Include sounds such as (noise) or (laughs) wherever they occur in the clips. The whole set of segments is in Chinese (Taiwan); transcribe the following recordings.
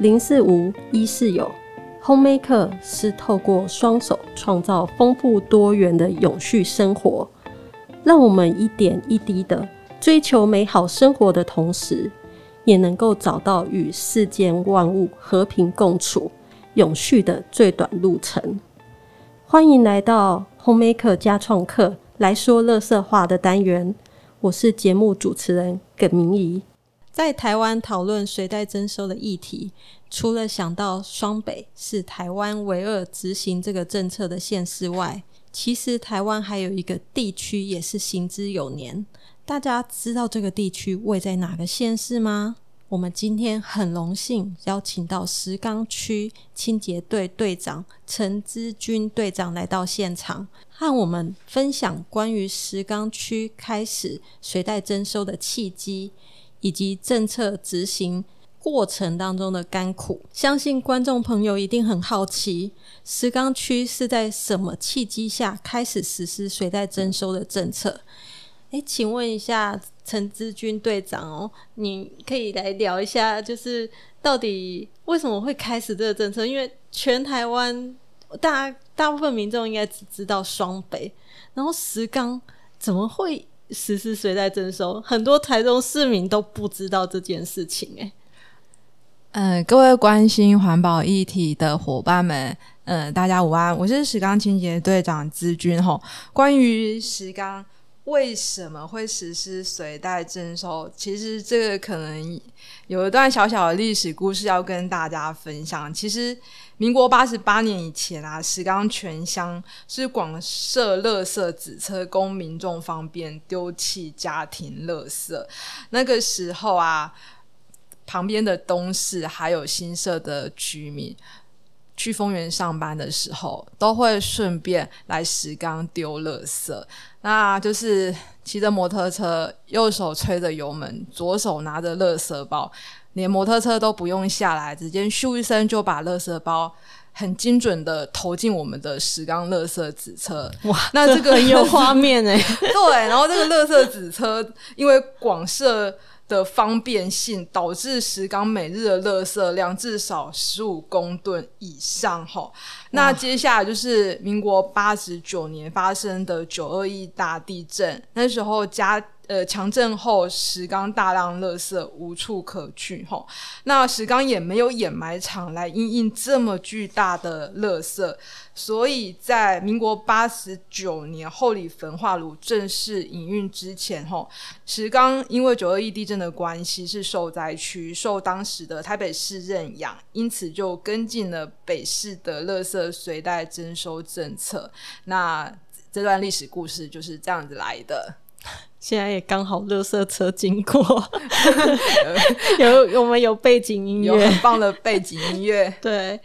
零是無，一是有。Homemaker 是透過雙手創造豐富多元的永續生活，讓我們一點一滴的追求美好生活的同時，也能夠找到與世間萬物和平共處、永續的最短路程。歡迎來到 Homemaker 家創客來說垃圾話的單元，我是節目主持人耿明儀。在台灣討論隨袋徵收的議題，除了想到雙北是台灣唯二執行這個政策的縣市外，其實台灣還有一個地區也是行之有年。大家知道這個地區位在哪個縣市嗎？我們今天很榮幸邀請到石岡區清潔隊隊長陳姿君隊長來到現場，和我們分享關於石岡區開始隨袋徵收的契機。以及政策執行過程當中的甘苦，相信觀眾朋友一定很好奇，石岡區是在什麼契機下開始實施隨袋徵收的政策？誒、嗯欸，請問一下陳姿君隊長哦，你可以來聊一下，就是到底為什麼會開始這個政策？因為全台灣大大部分民眾應該只知道雙北，然後石岡怎麼會？隨袋徵收，很多台中市民都不知道這件事情、欸，誒，嗯，各位關心環保議題的夥伴們，嗯、呃，大家午安，我是石岡清潔隊長姿君吼，關於石岡。為什麼會實施隨袋徵收？其實這個可能有一段小小的歷史故事要跟大家分享。其實民國八十八年以前啊，石岡全鄉是廣設垃圾子車，供民眾方便丟棄家庭垃圾。那個時候啊，旁邊的東勢還有新社的居民。去豐原上班的時候，都會順便來石岡丟垃圾。那就是騎着摩托車，右手吹着油門，左手拿着垃圾包，連摩托車都不用下來，直接咻一聲就把垃圾包很精準地投進我們的石岡垃圾紙車。哇，那這個很有畫面呢！對，然後這個垃圾紙車， (laughs) 因為廣設。的方便性導致石岡每日的垃圾量至少十五公噸以上吼，哇那接下來就是民國八十九年發生的九二一大地震，那時候加。呃，強震後石岡大量垃圾無處可去，吼，那石岡也沒有掩埋場來因應這麼巨大的垃圾，所以在民國八十九年后里焚化爐正式營運之前，吼，石岡因為九二一地震的關係是受災區，受當時的台北市認養，因此就跟進了北市的垃圾隨袋徵收政策。那這段歷史故事就是這樣子來的。現在也剛好，垃圾車經過， (laughs) 有我們有背景音樂，有很棒的背景音樂。 (laughs) 對，誒、欸，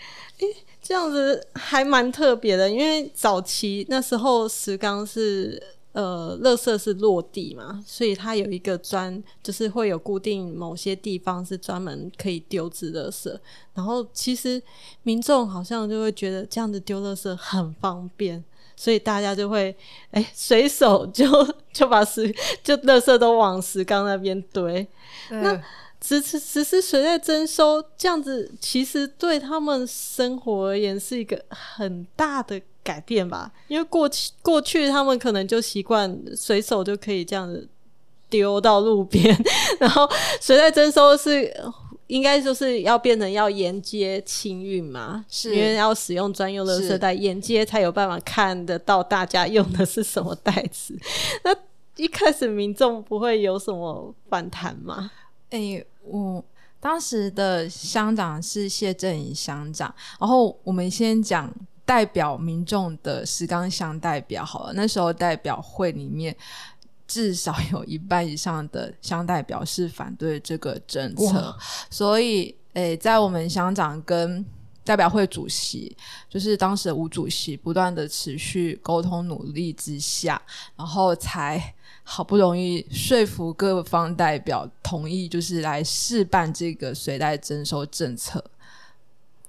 這樣子還蠻特別的，因為早期那時候石岡是呃垃圾是落地嘛，所以它有一個專，就是會有固定某些地方是專門可以丟置垃圾，然後其實民眾好像就會覺得這樣子丟垃圾很方便。所以大家就會哎、欸，隨手就就把石就垃圾都往石岡那邊堆，對那只是只是隨袋徵收？這樣子其實對他們生活而言是一個很大的改變吧，因為過去過去他們可能就習慣隨手就可以這樣子丟到路邊，然後隨袋徵收是？應該就是要變成要沿街清運嘛，是因為要使用專用的色帶，沿街才有辦法看得到大家用的是什麼袋子。 (laughs) 那一開始民眾不會有什麼反彈嗎？哎、欸，我當時的鄉長是謝振宇鄉長，然後我們先講代表民眾的石岡鄉代表好了。那時候代表會裡面。至少有一半以上的鄉代表是反對這個政策，哇所以誒、欸，在我們鄉長跟代表會主席，就是當時的吳主席不斷的持續溝通努力之下，然後才好不容易說服各方代表同意，就是來試辦這個隨袋徵收政策。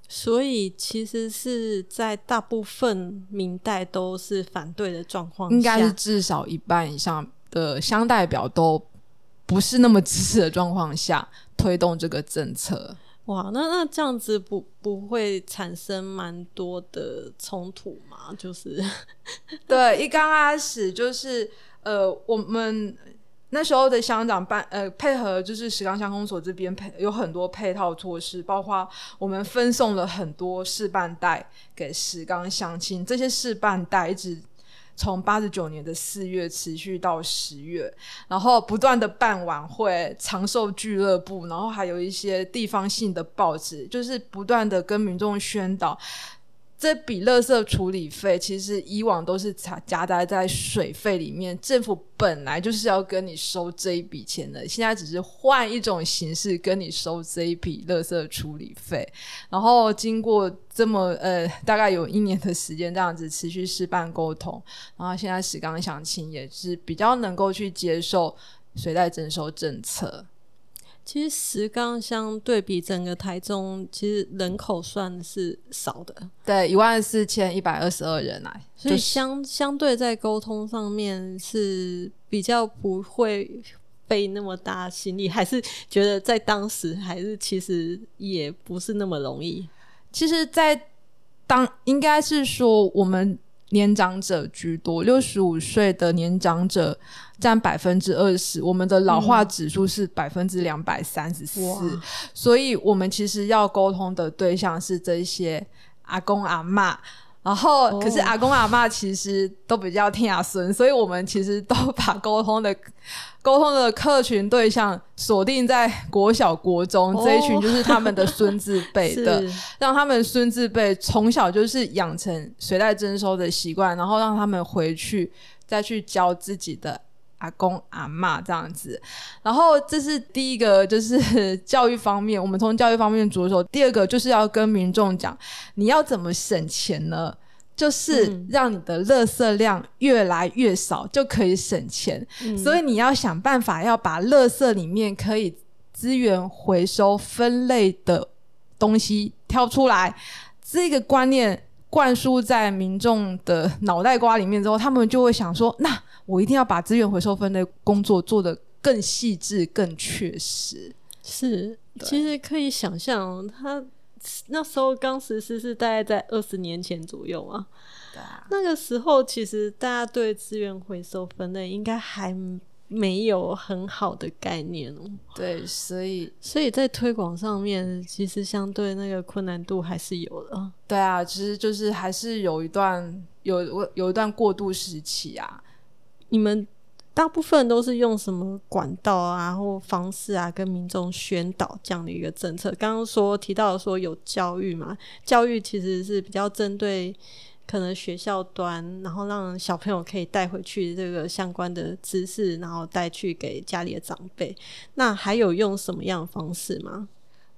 所以其實是在大部分民代都是反對的狀況下，應該是至少一半以上。的鄉代表都不是那麼支持的狀況下推動這個政策，哇，那那這樣子不不會產生蠻多的衝突嗎？就是 (laughs) 對，一剛開始就是呃，我們那時候的鄉長辦呃配合，就是石岡鄉公所這邊配有很多配套措施，包括我們分送了很多試辦袋給石岡鄉親，這些試辦袋一直。從八十九年的四月持續到十月，然後不斷的辦晚會、長壽俱樂部，然後還有一些地方性的報紙，就是不斷的跟民眾宣導。這筆垃圾處理費其實以往都是加夾帶在水費裡面，政府本來就是要跟你收這一筆錢的，現在只是換一種形式跟你收這一筆垃圾處理費。然後經過這麼呃大概有一年的時間這樣子持續試辦溝通，然後現在石岡鄉親也是比較能夠去接受隨袋徵收政策。其實石岡相對比整個台中，其實人口算是少的，對，一萬四千一百二十二人來，啊，所以相、就是、相對在溝通上面是比較不會被那麼大心力，還是覺得在當時還是其實也不是那麼容易。其實，在當應該是說我們。年長者居多，六十五歲的年長者占百分之二十，我們的老化指數是百分之兩百三十四，嗯、所以我們其實要溝通的對象是這些阿公阿嬤。然後，可是阿公阿嬤其實都比較聽阿孫，oh. 所以我們其實都把溝通的溝通的客群對象鎖定在國小、國中，oh. 這一群，就是他們的孫子輩的， (laughs) 是讓他們孫子輩從小就是養成隨袋徵收的習慣，然後讓他們回去再去教自己的。阿公阿媽這樣子，然後這是第一個，就是教育方面。我們從教育方面着手。第二個就是要跟民眾講，你要怎麼省錢呢？就是讓你的垃圾量越來越少，就可以省錢。嗯、所以你要想辦法要把垃圾裡面可以資源回收分類的東西挑出來。這個觀念。灌輸在民眾的腦袋瓜裡面之後，他們就會想說：“那我一定要把資源回收分類工作做得更細緻、更確實。”是，對其實可以想象，他那時候剛實施是大概在二十年前左右啊。對啊，那個時候其實大家對資源回收分類應該還。沒有很好的概念，對，所以，所以在推廣上面，其實相對那個困難度還是有的。對啊，其實就是還是有一段有有一段過渡時期啊。你們大部分都是用什麼管道啊或方式啊，跟民眾宣導這樣的一個政策？剛剛說提到說有教育嘛，教育其實是比較針對。可能學校端，然後讓小朋友可以帶回去這個相關的知識，然後帶去給家裡的長輩。那還有用什麼樣的方式嗎？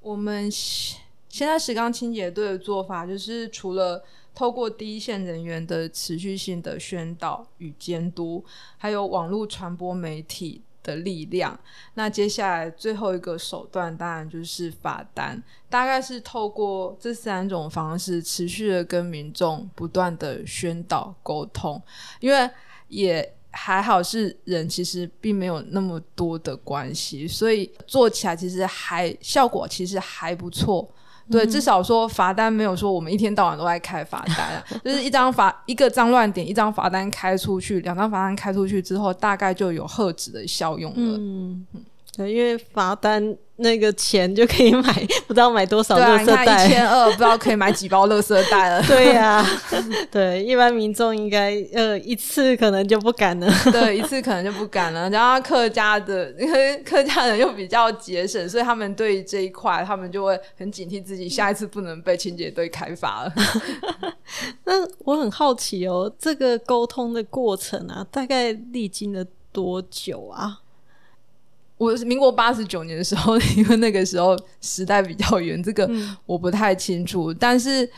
我們現現在石岡清潔隊的做法就是，除了透過第一線人員的持續性的宣導與監督，還有網絡傳播媒體。的力量。那接下來最後一個手段，當然就是罰單，大概是透過這三種方式，持續的跟民眾不斷的宣導溝通。因為也還好是人，其實並沒有那麼多的關係，所以做起來其實還效果其實還不錯。對，嗯、至少說罰單沒有說我們一天到晚都在開罰單。啊，就是一張罰 (laughs) 一個髒亂點，一張罰單開出去，兩張罰單開出去之後，大概就有遏止的效用了。嗯對，因為罰單那個錢就可以買，不知道買多少垃圾袋。一千二，不知道可以買幾包垃圾袋了 (laughs) 對啊。對呀，對，一般民眾應該呃一次可能就不敢了。對，一次可能就不敢了。然後客家的，因為客家人又比較節省，所以他們對於這一塊，他們就會很警惕，自己下一次不能被清潔隊開罰了。 (laughs) 那我很好奇哦，這個溝通的過程啊，大概歷經了多久啊？我是民國八十九年的時候，因為那個時候時代比較遠，這個我不太清楚。嗯、但是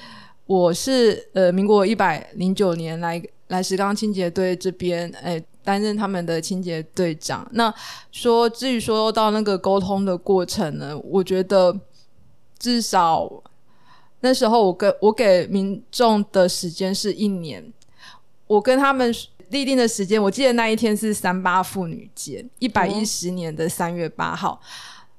我是呃，民國一百零九年來來石岡清潔隊這邊，哎、欸，擔任他們的清潔隊長。那說至於說到那個溝通的過程呢，我覺得至少那時候我跟我給民眾的時間是一年，我跟他們。立定的時間，我記得那一天是三八婦女節，一百一十年的三月八號。嗯、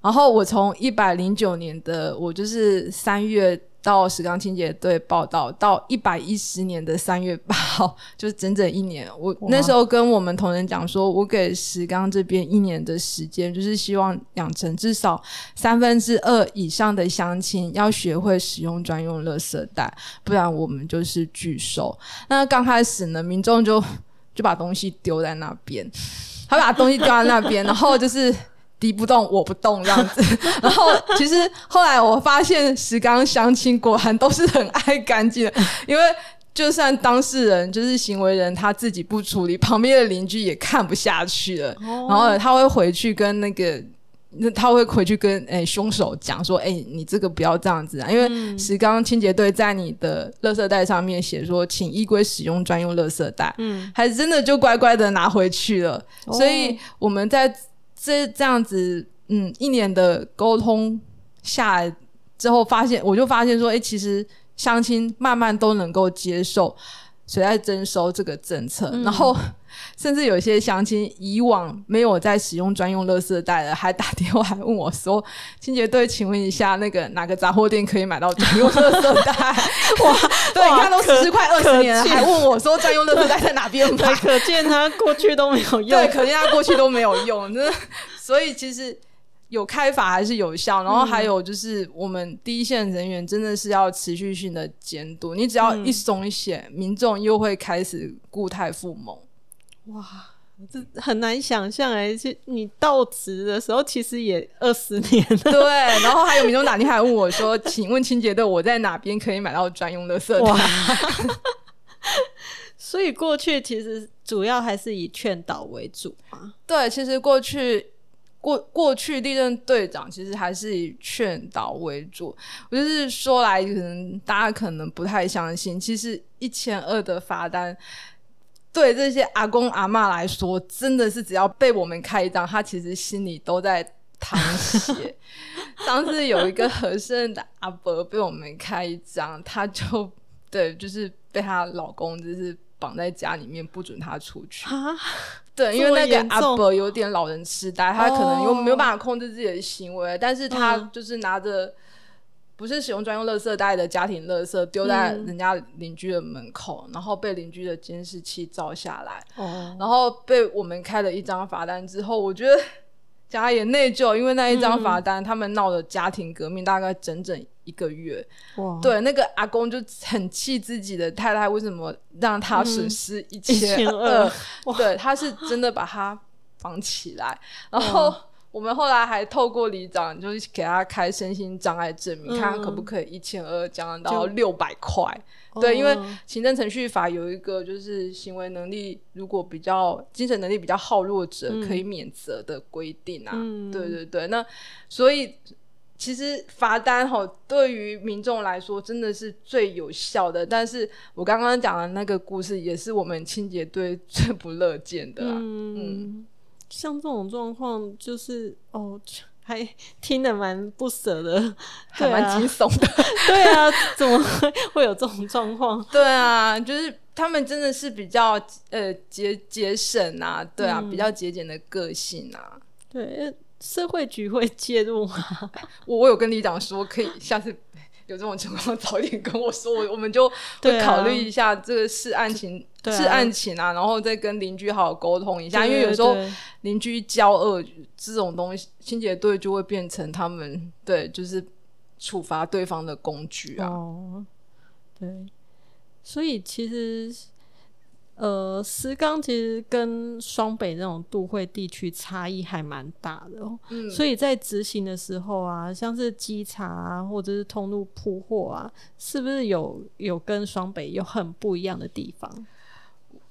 然後我從一百零九年的我就是三月到石岡清潔隊報到，到一百一十年的三月八號，就是整整一年。我，我嗎那時候跟我們同仁講說，我給石岡這邊一年的時間，就是希望養成至少三分之二以上的鄉親要學會使用專用垃圾袋，不然我們就是拒收。那剛開始呢，民眾就。就把東西丟在那邊，他把東西丟在那邊， (laughs) 然後就是敵不動我不動這樣子。 (laughs) 然後其實後來我發現石岡鄉親，果然都是很愛乾淨的，因為就算當事人就是行為人他自己不處理，旁邊的鄰居也看不下去了，哦、然後他會回去跟那個。那他會回去跟誒、欸、兇手講說，誒、欸，你這個不要這樣子啊，因為石岡清潔隊在你的垃圾袋上面寫說，嗯、請依規使用專用垃圾袋，嗯，還真的就乖乖的拿回去了。哦、所以我們在這這樣子，嗯，一年的溝通下來之後，發現我就發現說，哎、欸，其實鄉親慢慢都能夠接受隨袋徵收這個政策，嗯、然後。甚至有些鄉親以往沒有在使用專用垃圾袋的，還打電話還問我說：“清潔隊，請問一下，那個哪個雜貨店可以買到專用垃圾袋？” (laughs) 哇，哇對，他哇都十快二十年了。還問我說：“專用垃圾袋在哪邊買？”可見他過去都沒有用。對，可見他過去都沒有用。所以其實有開法還是有效。然後還有就是，我們第一線人員真的是要持續性的監督。嗯、你只要一鬆一懈，民眾又會開始故態復萌。哇，這很難想象哎、欸！就你到職的時候，其實也二十年了。對，然後還有民眾打電話問我說：“ (laughs) 請問清潔隊，我在哪邊可以買到專用的設備？”哇 (laughs) 所以過去其實主要還是以勸導為主啊。 (laughs) 主主對，其實過去過過去歷任隊長其實還是以勸導為主。我就是說來，可能大家可能不太相信，其實一千二的罰單。對這些阿公阿嬤來說，真的是只要被我們開一張，他其實心裡都在淌血。上次 (laughs) 有一個和珅的阿伯被我們開一張，他就對，就是被他老公就是綁在家裡面，不准他出去。啊、對，因為那個阿伯有點老人痴呆，他可能又沒有辦法控制自己的行為，哦、但是他就是拿着。不是使用專用垃圾袋的家庭垃圾丟在人家鄰居的門口，嗯、然後被鄰居的監視器照下來，哦、然後被我們開了一張罰單之後，我覺得家也內疚，因為那一張罰單、嗯、他們鬧的家庭革命，大概整整一個月。哇對，那個阿公就很氣自己的太太，為什麼讓他損失一千二？對，他是真的把他綁起來，哇然後。哦我們後來還透過里長，就是給他開身心障礙證明，嗯、看他可不可以一千二降到六百塊。就對，嗯、因為行政程序法有一個就是行為能力，如果比較精神能力比較耗弱者，可以免責的規定啊。嗯、對對對，那所以其實罰單吼對於民眾來說真的是最有效的。但是我剛剛講的那個故事，也是我們清潔隊最不樂見的、啊。嗯。嗯像這種狀況，就是哦，還聽得蠻不捨的，還蠻驚悚的。對啊， (laughs) 對啊，怎麼會有這種狀況？對啊，就是他們真的是比較呃節節省啊，對啊，嗯、比較節儉的個性啊。對，社會局會介入嗎、啊？我我有跟你講說，可以下次。有這種情況，早點跟我說，我我們就會考慮一下這個是案情，是、 (laughs) 啊、案情啊，然後再跟鄰居好好溝通一下。對對對，因為有時候鄰居交惡這種東西，清潔隊就會變成他們，對，就是處罰對方的工具啊、哦。對，所以其實。呃，石岡其實跟雙北那種都會地區差異還蠻大的哦，嗯，所以在執行的時候啊，像是稽查啊，或者是通路鋪貨啊，是不是有有跟雙北有很不一樣的地方？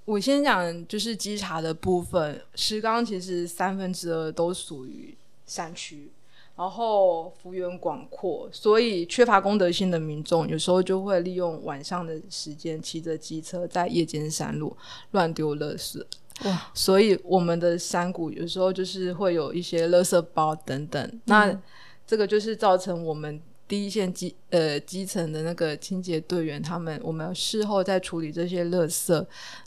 我先講就是稽查的部分，石岡其實三分之二都屬於山區。然後幅員廣闊，所以缺乏公德心的民眾，有時候就會利用晚上的時間騎着機車在夜間山路亂丟垃圾。哇！所以我們的山谷有時候就是會有一些垃圾包等等。嗯、那這個就是造成我們第一線基呃基層的那個清潔隊員他們，我們事後再處理這些垃圾，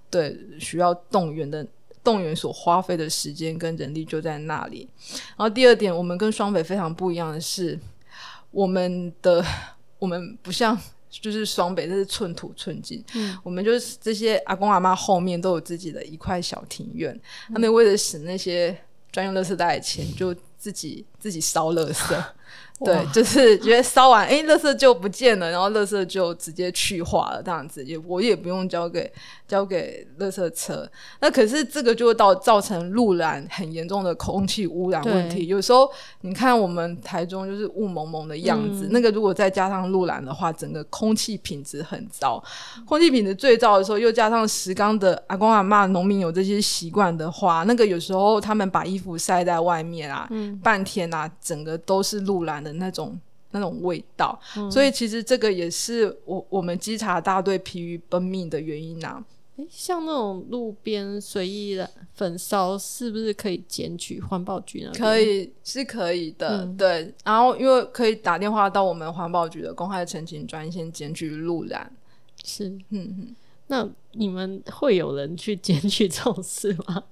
對，需要動員的。動員所花費的時間跟人力就在那裡。然後第二點，我們跟雙北非常不一樣的是，我們的我們不像就是雙北，那是寸土寸金。嗯，我們就是這些阿公阿媽後面都有自己的一塊小庭院，嗯、他們為了省那些專用垃圾袋的錢，就自己自己燒垃圾。哇對，就是覺得燒完哎、欸，垃圾就不見了，然後垃圾就直接去化了，這樣子也我也不用交給。交給垃圾車，那可是這個就會到造成露燃很嚴重的空氣污染問題。對有時候你看我們台中就是霧濛濛的樣子，嗯、那個如果再加上露燃的話，整個空氣品質很糟。空氣品質最糟的時候，又加上石岡的阿公阿嬤農民有這些習慣的話，那個有時候他們把衣服曬在外面啊，嗯、半天啊，整個都是露燃的那種那種味道。嗯、所以其實這個也是我我們稽查大隊疲於奔命的原因啊。欸、像那種路邊隨意的焚燒，是不是可以檢舉環保局呢？可以，是可以的。嗯、對，然後因為可以打電話到我們環保局的公開澄清專線檢舉路染。是，嗯嗯哼。那你們會有人去檢舉這種事嗎？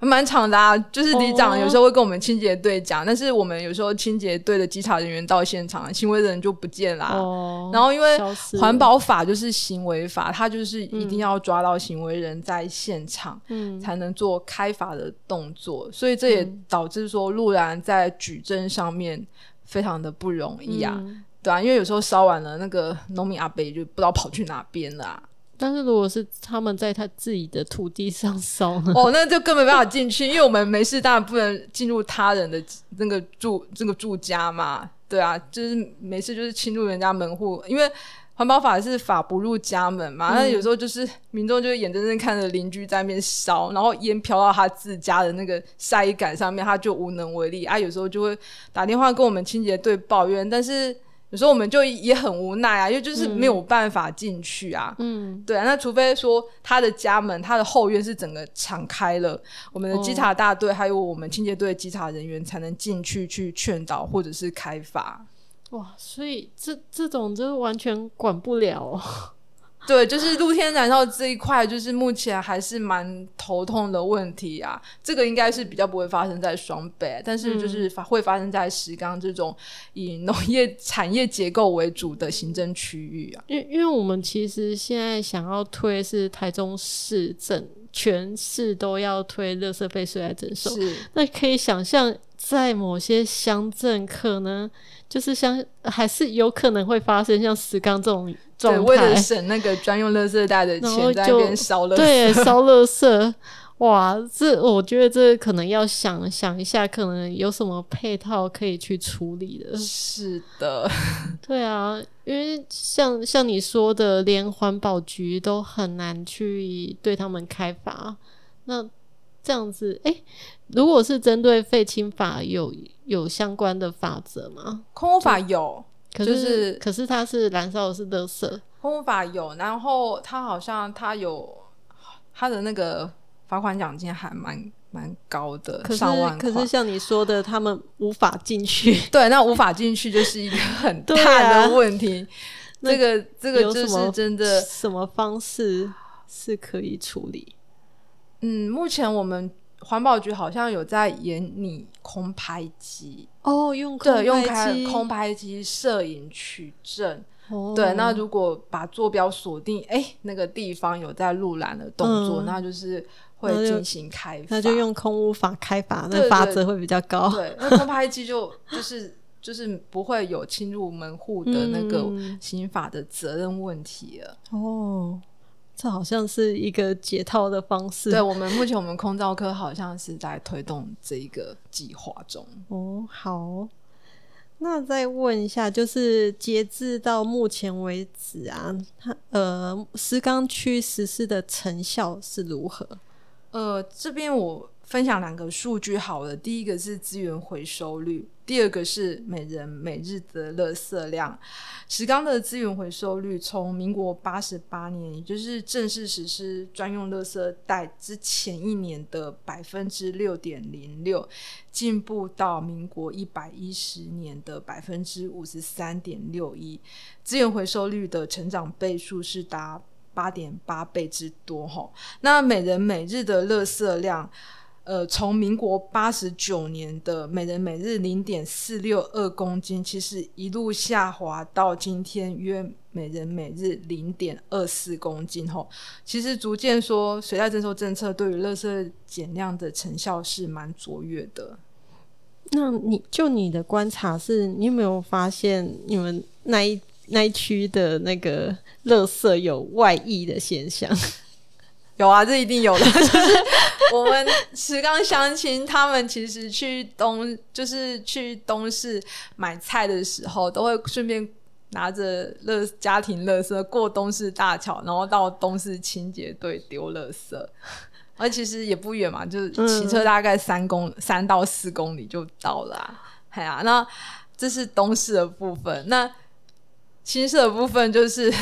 還蠻長的，啊，就是里長有時候會跟我們清潔隊講，哦、但是我們有時候清潔隊的稽查人員到現場，行為的人就不見啦、啊。哦、然後因為環保法就是行為法，他就是一定要抓到行為人在現場，嗯、才能做開罰的動作。嗯、所以這也導致說，路然在舉證上面非常的不容易啊，嗯、對啊，因為有時候燒完了那個農民阿伯就不知道跑去哪邊了、啊。但是，如果是他們在他自己的土地上燒哦，那就根本沒辦法進去， (laughs) 因為我們沒事，當然不能進入他人的那個住這個住家嘛。對啊，就是沒事，就是侵入人家門戶，因為環保法是法不入家門嘛。那、嗯、有時候就是民眾就會眼睜睜看着鄰居在那邊燒，然後煙飄到他自家的那個曬衣桿上面，他就無能為力啊。有時候就會打電話跟我們清潔隊抱怨，但是。有時候我們就也很無奈啊，因為就是沒有辦法進去啊。嗯，嗯，對啊，那除非說他的家門、他的後院是整個敞開了，我們的稽查大隊還有我們清潔隊稽查人員才能進去去勸導或者是開發。哇，所以這這種就是完全管不了哦。對，就是露天燃燒這一塊，就是目前還是蠻頭痛的問題啊。這個應該是比較不會發生在雙北，但是就是發會發生在石岡這種以農業產業結構為主的行政區域啊。因為因為我們其實現在想要推是台中市整全市都要推垃圾費隨袋徵收，是。那可以想象。在某些鄉鎮，可能就是像還是有可能會發生像石岡這種狀態，為了省那個專用垃圾袋的錢，在那邊燒了，就對，燒垃圾。哇，這我覺得這可能要想想一下，可能有什麼配套可以去處理的。是的，對啊，因為像像你說的，連環保局都很難去對他們開發，那。這樣子，欸、如果是針對廢清法有有相關的法則嗎？空污法有，對就是、可是、就是、可是它是燃燒的是垃圾，空污法有，然後它好像它有它的那個罰款獎金還蠻蠻高的，是上萬塊可是可是像你說的，他們無法進去，對，那無法進去就是一個很大的問題。 (laughs) 啊、這個那這個就是真的什，什麼方式是可以處理？嗯，目前我們環保局好像有在研擬空拍機哦，用對用開空拍機攝影取證，哦、對。那如果把坐標鎖定，哎、欸，那個地方有在露蘭的動作，嗯、那就是會進行開罰，那，那就用空污法開罰，那罰則會比較高。對，那空拍機就就是就是不會有侵入門戶的那個刑法的責任問題了。嗯、哦。這好像是一個解套的方式。對，我們目前，我們空噪科好像是在推動這一個計劃中。哦，好。那再問一下，就是截至到目前為止啊，呃，石岡區實施的成效是如何？呃，這邊我。分享兩個數據好了，第一個是資源回收率，第二個是每人每日的垃圾量。石岡的資源回收率從民國八十八年，也就是正式實施專用垃圾袋之前一年的百分之六點零六，進步到民國一百一十年的百分之五十三點六一，資源回收率的成長倍數是達八點八倍之多吼。那每人每日的垃圾量。呃，從民國八十九年的每人每日零點四六二公斤，其實一路下滑到今天約每人每日零點二四公斤。吼，其實逐漸說隨袋徵收政策對於垃圾減量的成效是蠻卓越的。那你就你的觀察是，你有沒有發現你們那一那一區的那個垃圾有外溢的現象？有啊，這一定有的。 (laughs) 就是我們石岡鄉親，他們其實去東，就是去東勢買菜的時候，都會順便拿着樂家庭垃圾過東勢大橋，然後到東勢清潔隊丟垃圾。而其實也不遠嘛，就是騎車大概三公三、嗯、到四公里就到了、啊。哎呀、啊，那這是東勢的部分，那新社的部分就是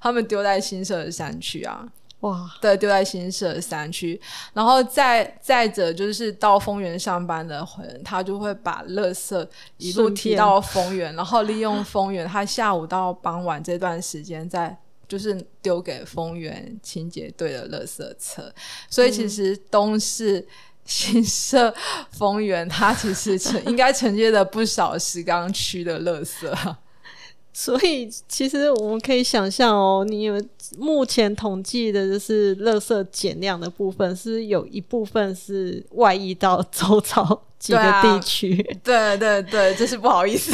他們丟在新社的山區啊。哇，對，丟在新社三區，然後再再者就是到豐原上班的，他就會把垃圾一路提到豐原，便然後利用豐原他下午到傍晚這段時間，再、嗯、就是丟給豐原清潔隊的垃圾車，所以其實東勢、新社、豐原，它其實承、嗯、應該承接了不少石岡區的垃圾。所以，其實我們可以想象哦,你有目前統計的就是垃圾減量的部分，是，是有一部分是外溢到周遭幾個地區啊。對對對，這是不好意思。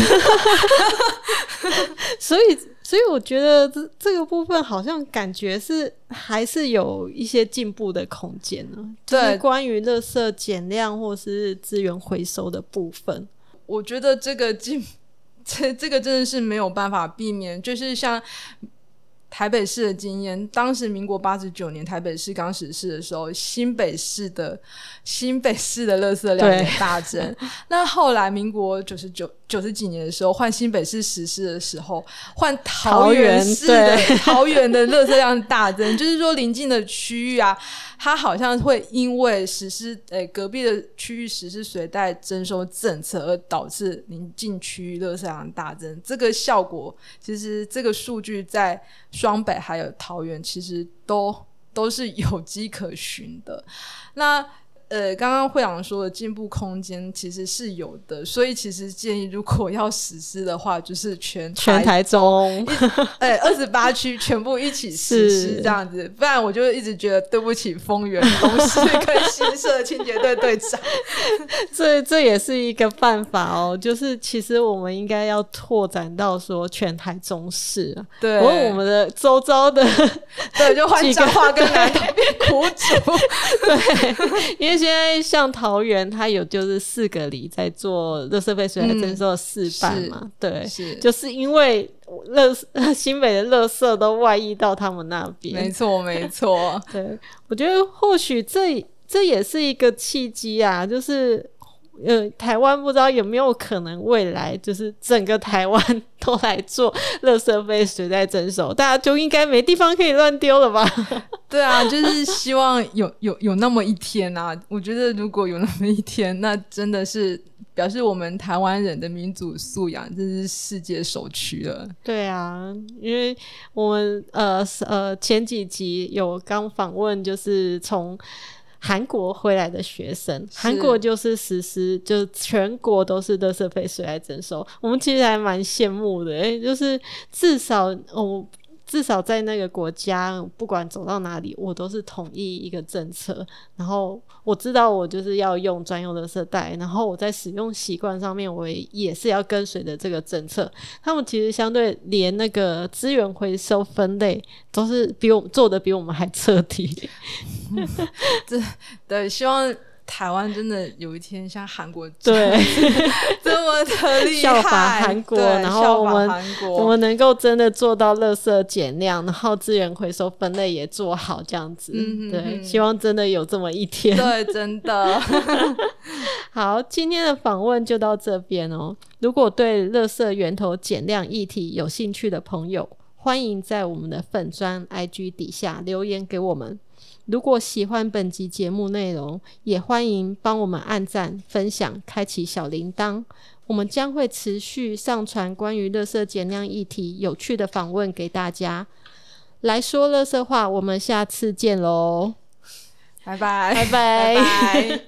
(laughs) (laughs) (laughs) 所以，所以我覺得這這個部分好像感覺是還是有一些進步的空間呢，對就是關於垃圾減量或是資源回收的部分。我覺得這個進。這這個真的是沒有辦法避免，就是像台北市的經驗，當時民國八十九年台北市剛實施的時候，新北市的新北市的垃圾量也大增，對那後來民國九十九。九十幾年的時候，換新北市實施的時候，換桃園市的桃園 (laughs) 的垃圾量大增，就是說鄰近的區域啊，它好像會因為實施誒、欸、隔壁的區域實施隨袋徵收政策，而導致鄰近區域垃圾量大增。這個效果其實這個數據在雙北還有桃園，其實都都是有跡可循的。那呃，剛剛會長說的進步空間其實是有的，所以其實建議如果要實施的話，就是全台全台中哎二十八區全部一起實施這樣子，是不然我就一直覺得對不起豐原同事跟新社清潔隊隊長。 (laughs) 這這也是一個辦法哦，就是其實我們應該要拓展到說全台中市，對、哦，我們的周遭的，對，就換彰化跟南投變苦主，對，因為。現在像桃園，它有就是四個里在做垃圾隨袋徵收示範嘛，嗯，對，是就是因為垃圾新北的垃圾都外溢到他們那邊，沒錯沒錯， (laughs) 對我覺得或許這這也是一個契機啊，就是。呃台灣不知道有沒有可能未來就是整個台灣都來做垃圾費隨袋徵收，大家就應該沒地方可以亂丟了吧 (laughs) ？對啊，就是希望有有有那麼一天啊！我覺得如果有那麼一天，那真的是表示我們台灣人的民主素養真是世界首屈了。對啊，因為我們呃呃前幾集有剛訪問，就是從。韓國回來的學生，韓國就是實施，是就是全國都是垃圾費隨袋徵收，我們其實還蠻羨慕的，欸，就是至少我。哦至少在那個國家，不管走到哪裡，我都是統一一個政策。然後我知道，我就是要用專用的色帶。然後我在使用習慣上面，我也是要跟隨着這個政策。他們其實相對連那個資源回收分類，都是比我做的比我們還徹底。 (laughs) (laughs) 對，希望。台灣真的有一天像韓國這樣對這麼的厲害 (laughs) 效仿，韓國，對然後我們我們能夠真的做到垃圾減量，然後資源回收分類也做好這樣子。嗯、哼哼對，希望真的有這麼一天。對，真的。 (laughs) 好，今天的訪問就到這邊哦、喔。如果對垃圾源頭減量議題有興趣的朋友，歡迎在我們的粉專 IG 底下留言給我們。如果喜歡本集節目內容，也歡迎幫我們按讚、分享、開啟小鈴鐺。我們將會持續上傳關於垃圾減量議題有趣的訪問給大家。來說垃圾話，我們下次見嘍！拜拜拜拜。